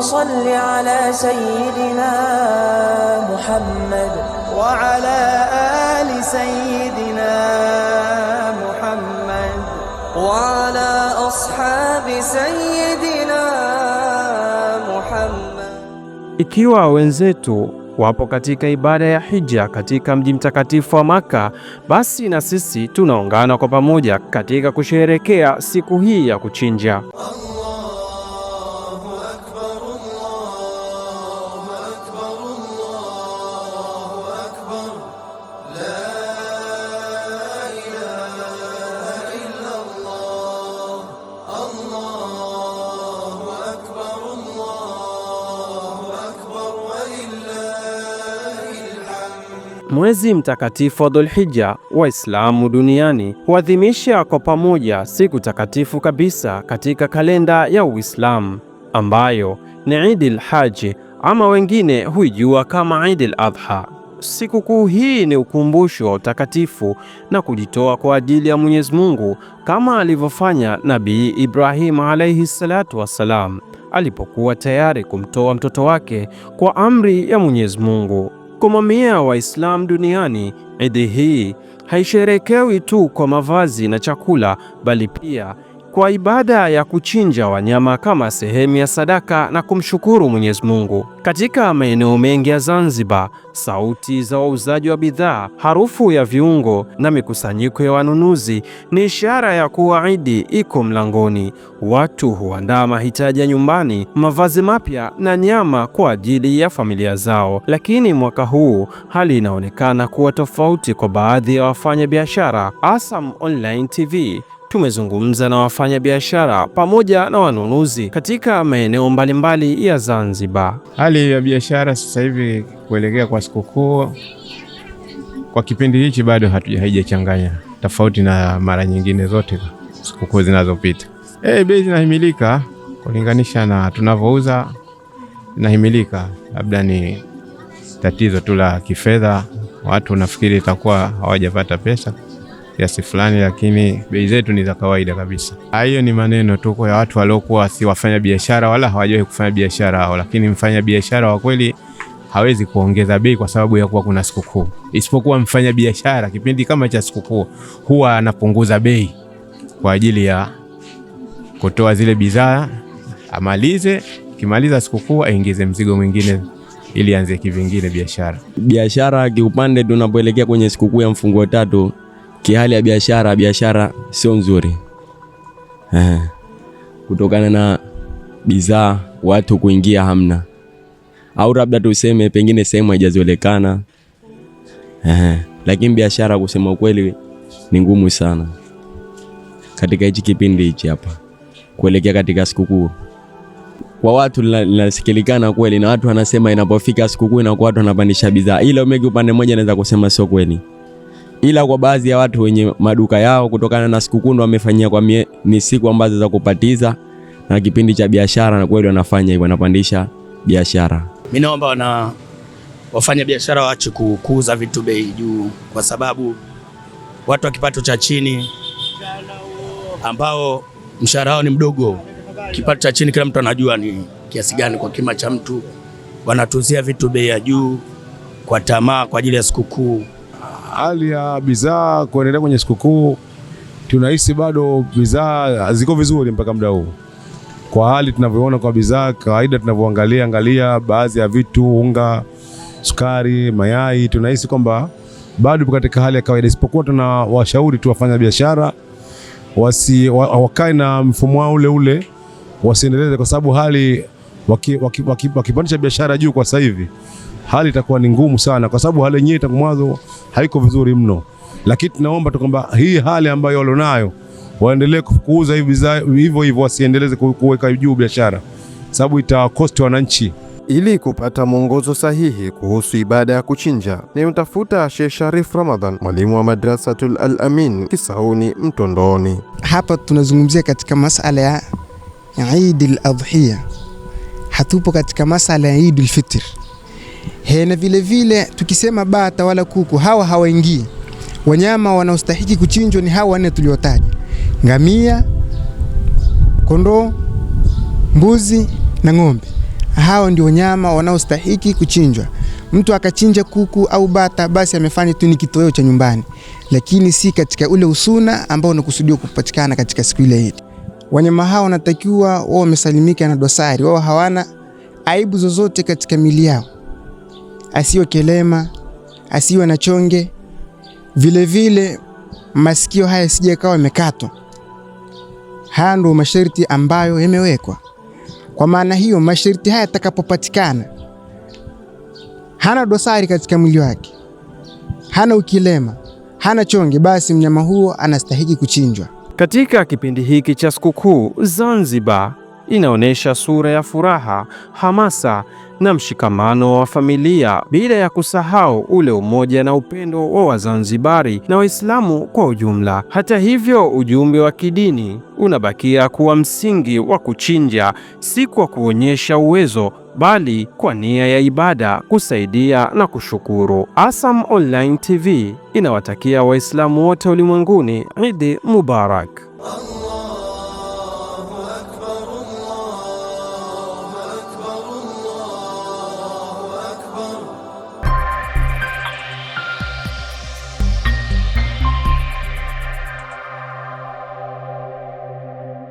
صل على سيدنا محمد وعلى آل سيدنا محمد وعلى أصحاب سيدنا محمد Ikiwa wenzetu wapo katika ibada ya hija katika mji mtakatifu wa Maka, basi na sisi tunaungana kwa pamoja katika kusherehekea siku hii ya kuchinja. Allah. Mwezi mtakatifu wa Dhulhijja, Waislamu duniani huadhimisha kwa pamoja siku takatifu kabisa katika kalenda ya Uislamu ambayo ni Idil Haji ama wengine huijua kama Idil Adha. Sikukuu hii ni ukumbusho wa utakatifu na kujitoa kwa ajili ya Mwenyezi Mungu kama alivyofanya Nabii Ibrahim alayhi salatu wassalam alipokuwa tayari kumtoa mtoto wake kwa amri ya Mwenyezi Mungu. Kwa mamia ya Waislamu duniani, Idi hii haisherekewi tu kwa mavazi na chakula, bali pia kwa ibada ya kuchinja wanyama kama sehemu ya sadaka na kumshukuru Mwenyezi Mungu. Katika maeneo mengi ya Zanzibar, sauti za wauzaji wa bidhaa, harufu ya viungo na mikusanyiko ya wanunuzi ni ishara ya kuwa Idi iko mlangoni. Watu huandaa mahitaji ya nyumbani, mavazi mapya na nyama kwa ajili ya familia zao. Lakini mwaka huu hali inaonekana kuwa tofauti kwa baadhi ya wafanyabiashara. Asam Online TV tumezungumza na wafanyabiashara pamoja na wanunuzi katika maeneo mbalimbali ya Zanzibar. Hali ya biashara sasa hivi kuelekea kwa sikukuu, kwa kipindi hichi bado haijachanganya, tofauti na mara nyingine zote sikukuu zinazopita. E, bei zinahimilika kulinganisha na tunavyouza, zinahimilika, labda ni tatizo tu la kifedha. Watu nafikiri itakuwa hawajapata pesa kiasi fulani, lakini bei zetu ni za kawaida kabisa. Hayo ah, ni maneno tu ya watu waliokuwa si wafanya biashara wala hawajawahi kufanya biashara hao, lakini mfanya biashara wa kweli hawezi kuongeza bei kwa sababu ya kuwa kuna sikukuu, isipokuwa mfanya biashara kipindi kama cha sikukuu huwa anapunguza bei kwa ajili ya kutoa zile bidhaa, amalize kimaliza sikukuu aingize mzigo mwingine ili anze kivingine biashara. Biashara kiupande, tunapoelekea kwenye sikukuu ya mfungo tatu kihali ya biashara, biashara sio nzuri eh, kutokana na bidhaa watu kuingia hamna, au labda tuseme pengine sehemu haijazoelekana eh, lakini biashara kusema kweli ni ngumu sana katika hichi kipindi hichi hapa kuelekea katika sikukuu kwa watu linasikilikana kweli, na watu wanasema inapofika sikukuu inakuwa watu wanapandisha bidhaa, ila umeki upande mmoja, naweza kusema sio kweli ila kwa baadhi ya watu wenye maduka yao kutokana na sikukuu ndo wamefanyia kwa mie, ni siku ambazo za kupatiza na kipindi cha biashara, na kweli wanafanya hivyo, wanapandisha biashara. Mimi naomba wana wafanya biashara waache kukuza vitu bei juu, kwa sababu watu wa kipato cha chini ambao mshahara wao ni mdogo, kipato cha chini, kila mtu anajua ni kiasi gani kwa kima cha mtu, wanatuzia vitu bei ya juu kwa tamaa, kwa ajili ya sikukuu hali ya bidhaa kuendelea kwenye sikukuu, tunahisi bado bidhaa ziko vizuri mpaka muda huu, kwa hali tunavyoona kwa bidhaa kawaida, tunavyoangalia angalia baadhi ya vitu, unga, sukari, mayai, tunahisi kwamba bado katika hali ya kawaida, isipokuwa tuna washauri tu wafanya biashara wasi wakae na mfumo wao ule ule, wasiendeleze kwa sababu hali wakipandisha waki, waki, waki biashara juu kwa sasa hivi hali itakuwa ni ngumu sana, kwa sababu hali yenyewe tangu mwanzo haiko vizuri mno, lakini tunaomba tu kwamba hii hali ambayo walionayo waendelee kuuza hivyo hivyo, wasiendeleze kuweka juu biashara, sababu itawakosti wananchi. Ili kupata mwongozo sahihi kuhusu ibada ya kuchinja ni mtafuta Sheikh Sharif Ramadhan, mwalimu wa Madrasatul Al-Amin Kisauni Mtondoni. Hapa tunazungumzia katika masala ya Eid al-Adhiya, hatupo katika masala ya Eid al-Fitr. He, na vile vile tukisema bata wala kuku hawa hawaingii. Wanyama wanaostahiki kuchinjwa ni hawa wanne tuliotaja: ngamia, kondoo, mbuzi na ng'ombe. Hao ndio wanyama wanaostahiki kuchinjwa. Mtu akachinja kuku au bata, basi amefanya tu ni kitoweo cha nyumbani, lakini si katika ule usuna ambao unakusudiwa kupatikana katika siku ile Idi. Wanyama hao wanatakiwa wao wamesalimika na dosari, wao hawana aibu zozote katika mili yao asiwe kelema, asiwe na chonge. Vilevile masikio haya sije kawa yamekatwa. Haya ndio masharti ambayo yamewekwa. Kwa maana hiyo, masharti haya yatakapopatikana, hana dosari katika mwili wake, hana ukilema, hana chonge, basi mnyama huo anastahiki kuchinjwa. Katika kipindi hiki cha sikukuu, Zanzibar inaonyesha sura ya furaha, hamasa na mshikamano wa familia bila ya kusahau ule umoja na upendo wa Wazanzibari na Waislamu kwa ujumla. Hata hivyo, ujumbe wa kidini unabakia kuwa msingi wa kuchinja, si kwa kuonyesha uwezo bali kwa nia ya ibada, kusaidia na kushukuru. ASAM Online TV inawatakia Waislamu wote ulimwenguni Idi Mubarak.